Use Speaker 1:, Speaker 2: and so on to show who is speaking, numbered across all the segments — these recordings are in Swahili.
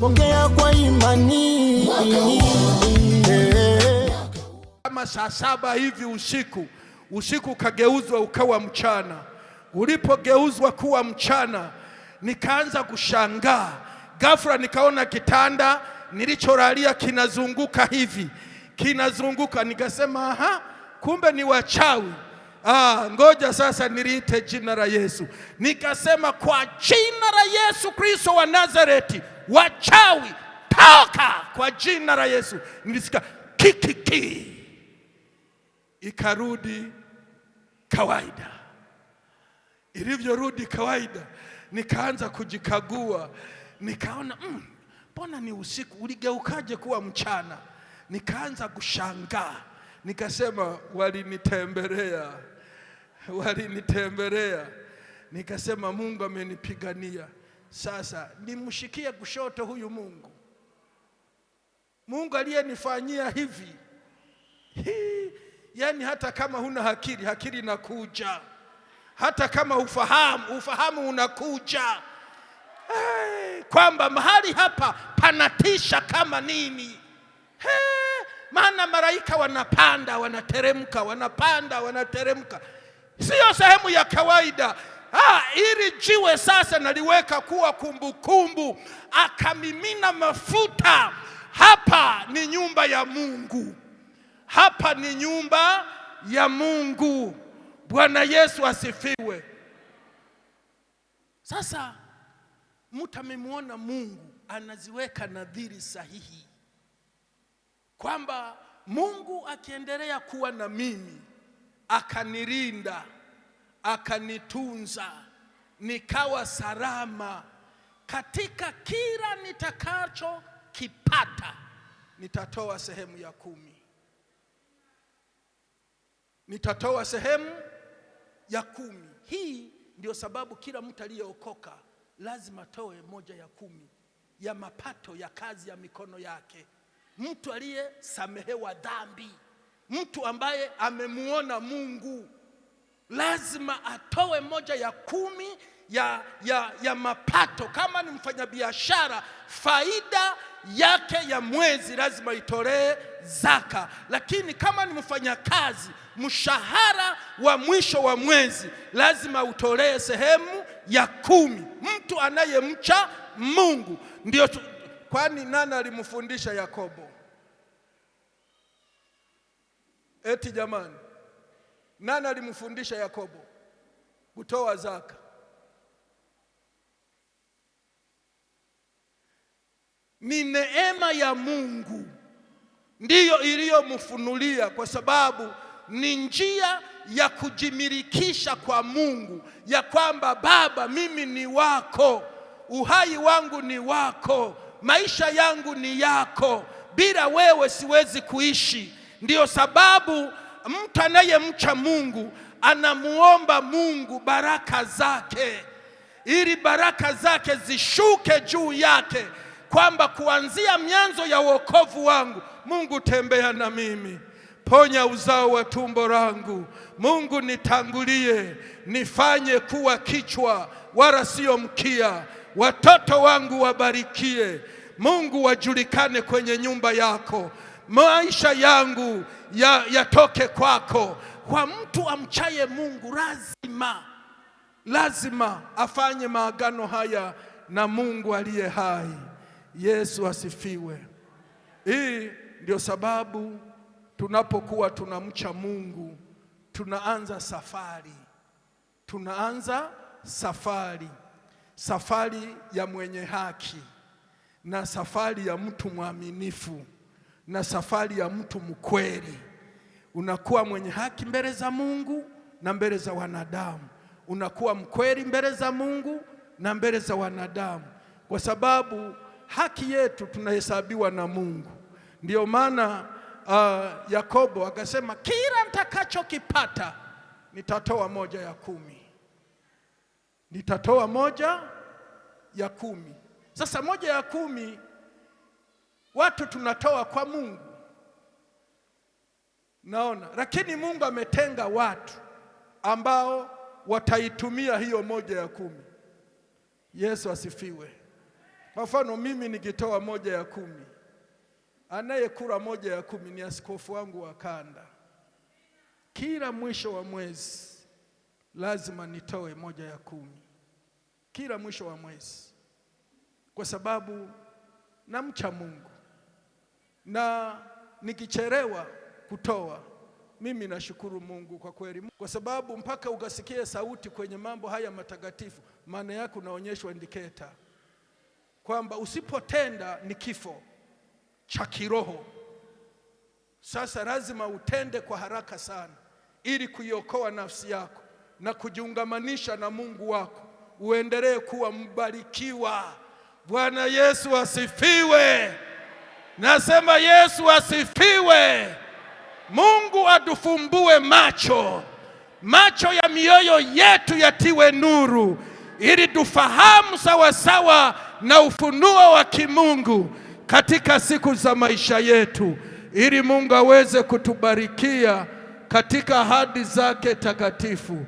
Speaker 1: pokea kwa imani.
Speaker 2: Kama saa saba hivi usiku, usiku ukageuzwa ukawa mchana. Ulipogeuzwa kuwa mchana, nikaanza kushangaa. Ghafla nikaona kitanda nilicholalia kinazunguka hivi, kinazunguka. Nikasema aha, kumbe ni wachawi. Ah, ngoja sasa niliite jina la Yesu. Nikasema kwa jina la Yesu Kristo wa Nazareti, wachawi toka kwa jina la Yesu. Nilisikia kikiki, ikarudi kawaida. Ilivyorudi kawaida, nikaanza kujikagua, nikaona mm, mbona mm, ni usiku, uligeukaje kuwa mchana? Nikaanza kushangaa, nikasema walinitembelea walinitembelea, nikasema Mungu amenipigania, sasa nimshikie kushoto huyu Mungu, Mungu aliyenifanyia hivi hii. Yani hata kama huna akili, akili inakuja. Hata kama ufahamu, ufahamu unakuja hey, kwamba mahali hapa panatisha kama nini hey, maana malaika wanapanda wanateremka, wanapanda wanateremka siyo sehemu ya kawaida. Ha, ah, ili jiwe sasa naliweka kuwa kumbukumbu kumbu. Akamimina mafuta. Hapa ni nyumba ya Mungu, hapa ni nyumba ya Mungu. Bwana Yesu asifiwe. Sasa mtu amemwona Mungu anaziweka nadhiri sahihi kwamba Mungu akiendelea kuwa na mimi akanirinda, akanitunza, nikawa salama katika kila nitakachokipata nitatoa sehemu ya kumi, nitatoa sehemu ya kumi. Hii ndio sababu kila mtu aliyeokoka lazima toe moja ya kumi ya mapato ya kazi ya mikono yake. Mtu aliyesamehewa dhambi mtu ambaye amemuona Mungu lazima atoe moja ya kumi ya, ya, ya mapato. Kama ni mfanyabiashara, faida yake ya mwezi lazima itolee zaka, lakini kama ni mfanyakazi, mshahara wa mwisho wa mwezi lazima utolee sehemu ya kumi. Mtu anayemcha Mungu ndio. Kwani nani alimfundisha Yakobo? Eti jamani, nani alimfundisha Yakobo kutoa zaka? Ni neema ya Mungu ndiyo iliyomfunulia, kwa sababu ni njia ya kujimilikisha kwa Mungu ya kwamba Baba, mimi ni wako, uhai wangu ni wako, maisha yangu ni yako, bila wewe siwezi kuishi. Ndiyo sababu mtu anayemcha Mungu anamuomba Mungu baraka zake, ili baraka zake zishuke juu yake, kwamba kuanzia mianzo ya wokovu wangu, Mungu tembea na mimi, ponya uzao wa tumbo langu, Mungu nitangulie, nifanye kuwa kichwa wala sio mkia, watoto wangu wabarikie, Mungu wajulikane kwenye nyumba yako maisha yangu ya, yatoke kwako. Kwa mtu amchaye Mungu lazima lazima afanye maagano haya na Mungu aliye hai. Yesu asifiwe. Hii ndio sababu tunapokuwa tunamcha Mungu tunaanza safari, tunaanza safari, safari ya mwenye haki na safari ya mtu mwaminifu na safari ya mtu mkweli. Unakuwa mwenye haki mbele za Mungu na mbele za wanadamu, unakuwa mkweli mbele za Mungu na mbele za wanadamu, kwa sababu haki yetu tunahesabiwa na Mungu. Ndiyo maana uh, Yakobo akasema kila nitakachokipata nitatoa moja ya kumi, nitatoa moja ya kumi. Sasa moja ya kumi watu tunatoa kwa Mungu, naona lakini Mungu ametenga watu ambao wataitumia hiyo moja ya kumi. Yesu asifiwe. Kwa mfano mimi nikitoa moja ya kumi, anayekula moja ya kumi ni askofu wangu wa kanda. Kila mwisho wa mwezi lazima nitoe moja ya kumi, kila mwisho wa mwezi, kwa sababu namcha Mungu na nikichelewa kutoa, mimi nashukuru Mungu kwa kweli, kwa sababu mpaka ukasikie sauti kwenye mambo haya matakatifu, maana yake unaonyeshwa indiketa kwamba usipotenda ni kifo cha kiroho. Sasa lazima utende kwa haraka sana, ili kuiokoa nafsi yako na kujiungamanisha na Mungu wako, uendelee kuwa mbarikiwa. Bwana Yesu asifiwe. Nasema Yesu asifiwe. Mungu atufumbue macho, macho ya mioyo yetu yatiwe nuru, ili tufahamu sawasawa na ufunuo wa kimungu katika siku za maisha yetu, ili Mungu aweze kutubarikia katika ahadi zake takatifu.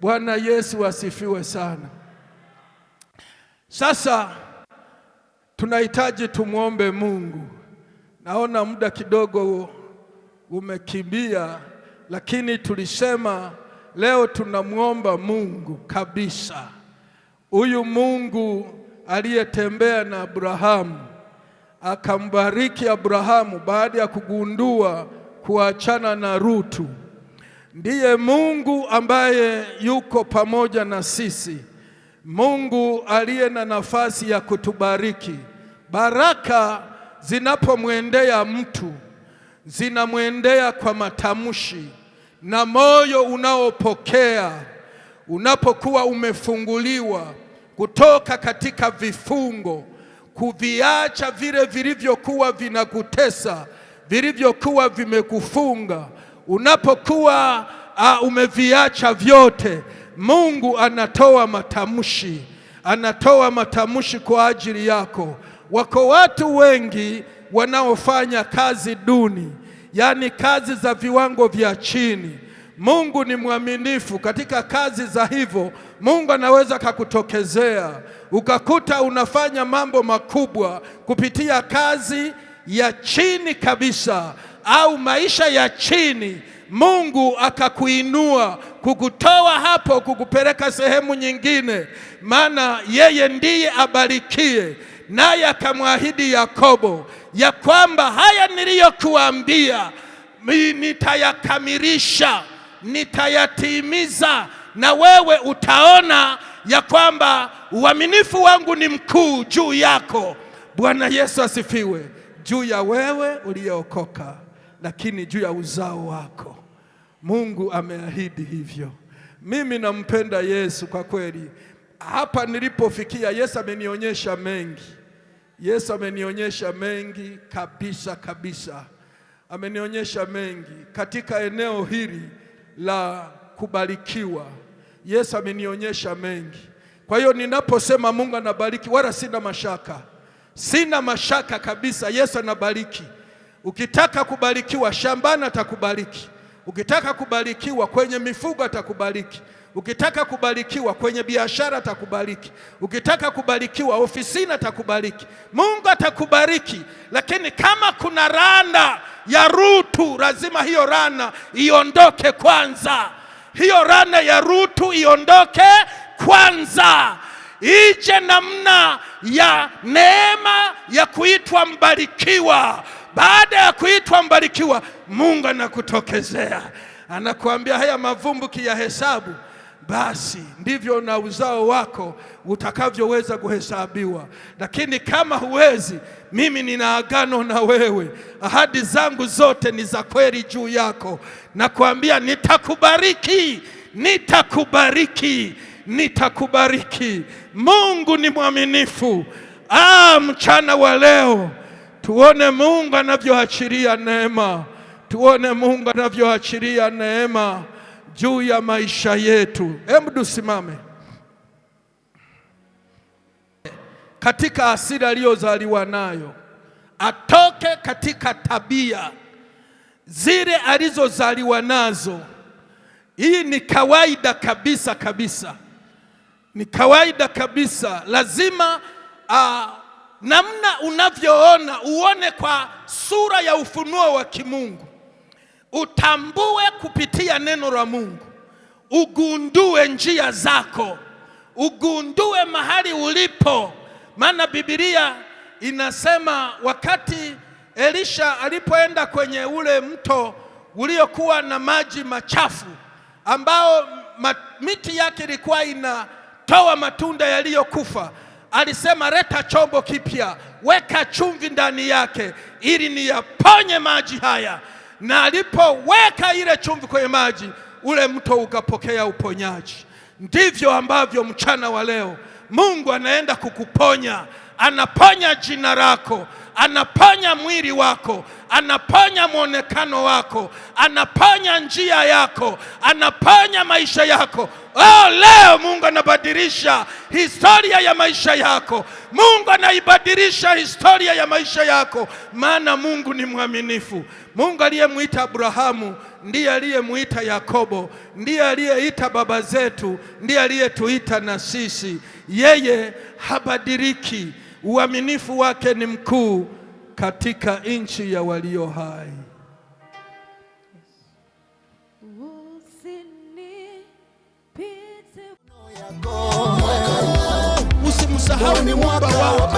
Speaker 2: Bwana Yesu asifiwe sana. Sasa tunahitaji tumwombe Mungu Naona muda kidogo umekimbia, lakini tulisema leo tunamwomba Mungu kabisa, huyu Mungu aliyetembea na Abrahamu akambariki Abrahamu baada ya kugundua kuachana na Rutu, ndiye Mungu ambaye yuko pamoja na sisi, Mungu aliye na nafasi ya kutubariki baraka zinapomwendea mtu zinamwendea kwa matamshi na moyo unaopokea. Unapokuwa umefunguliwa kutoka katika vifungo, kuviacha vile vilivyokuwa vinakutesa, vilivyokuwa vimekufunga, unapokuwa uh, umeviacha vyote, Mungu anatoa matamshi, anatoa matamshi kwa ajili yako wako watu wengi wanaofanya kazi duni, yaani kazi za viwango vya chini. Mungu ni mwaminifu katika kazi za hivyo. Mungu anaweza akakutokezea ukakuta unafanya mambo makubwa kupitia kazi ya chini kabisa au maisha ya chini, Mungu akakuinua kukutoa hapo, kukupeleka sehemu nyingine, maana yeye ndiye abarikie naye akamwahidi Yakobo ya kwamba haya niliyokuambia nitayakamilisha, nitayatimiza, na wewe utaona ya kwamba uaminifu wangu ni mkuu juu yako. Bwana Yesu asifiwe. Juu ya wewe uliyookoka, lakini juu ya uzao wako Mungu ameahidi hivyo. Mimi nampenda Yesu kwa kweli hapa nilipofikia, Yesu amenionyesha mengi. Yesu amenionyesha mengi kabisa kabisa, amenionyesha mengi katika eneo hili la kubarikiwa. Yesu amenionyesha mengi. Kwa hiyo ninaposema Mungu anabariki, wala sina mashaka, sina mashaka kabisa. Yesu anabariki. Ukitaka kubarikiwa shambani, atakubariki. Ukitaka kubarikiwa kwenye mifugo, atakubariki. Ukitaka kubarikiwa kwenye biashara atakubariki, ukitaka kubarikiwa ofisini atakubariki, Mungu atakubariki. Lakini kama kuna rana ya rutu, lazima hiyo rana iondoke kwanza. Hiyo rana ya rutu iondoke kwanza, ije namna ya neema ya kuitwa mbarikiwa. Baada ya kuitwa mbarikiwa, Mungu anakutokezea, anakuambia haya mavumbuki ya hesabu basi ndivyo na uzao wako utakavyoweza kuhesabiwa. Lakini kama huwezi, mimi nina agano na wewe, ahadi zangu zote ni za kweli juu yako. Nakwambia nitakubariki, nitakubariki, nitakubariki. Mungu ni mwaminifu. Ah, mchana wa leo tuone Mungu anavyoachilia neema, tuone Mungu anavyoachilia neema juu ya maisha yetu. Hebu tusimame katika asili aliyozaliwa nayo, atoke katika tabia zile alizozaliwa nazo. Hii ni kawaida kabisa kabisa, ni kawaida kabisa. Lazima uh, namna unavyoona uone kwa sura ya ufunuo wa kimungu. Utambue kupitia neno la Mungu, ugundue njia zako, ugundue mahali ulipo, maana Biblia inasema wakati Elisha alipoenda kwenye ule mto uliokuwa na maji machafu ambao miti yake ilikuwa inatoa matunda yaliyokufa, alisema leta chombo kipya, weka chumvi ndani yake, ili niyaponye maji haya na alipoweka ile chumvi kwenye maji, ule mto ukapokea uponyaji. Ndivyo ambavyo mchana wa leo Mungu anaenda kukuponya anapanya jina lako, anapanya mwili wako, anapanya mwonekano wako, anapanya njia yako, anapanya maisha yako. Oh, leo Mungu anabadilisha historia ya maisha yako. Mungu anaibadilisha historia ya maisha yako, maana Mungu ni mwaminifu. Mungu aliyemwita Abrahamu ndiye aliyemwita Yakobo, ndiye aliyeita baba zetu, ndiye aliyetuita na sisi. Yeye habadiliki uaminifu wake ni mkuu katika nchi ya walio hai.
Speaker 1: Usimsahau ni mwamba wao.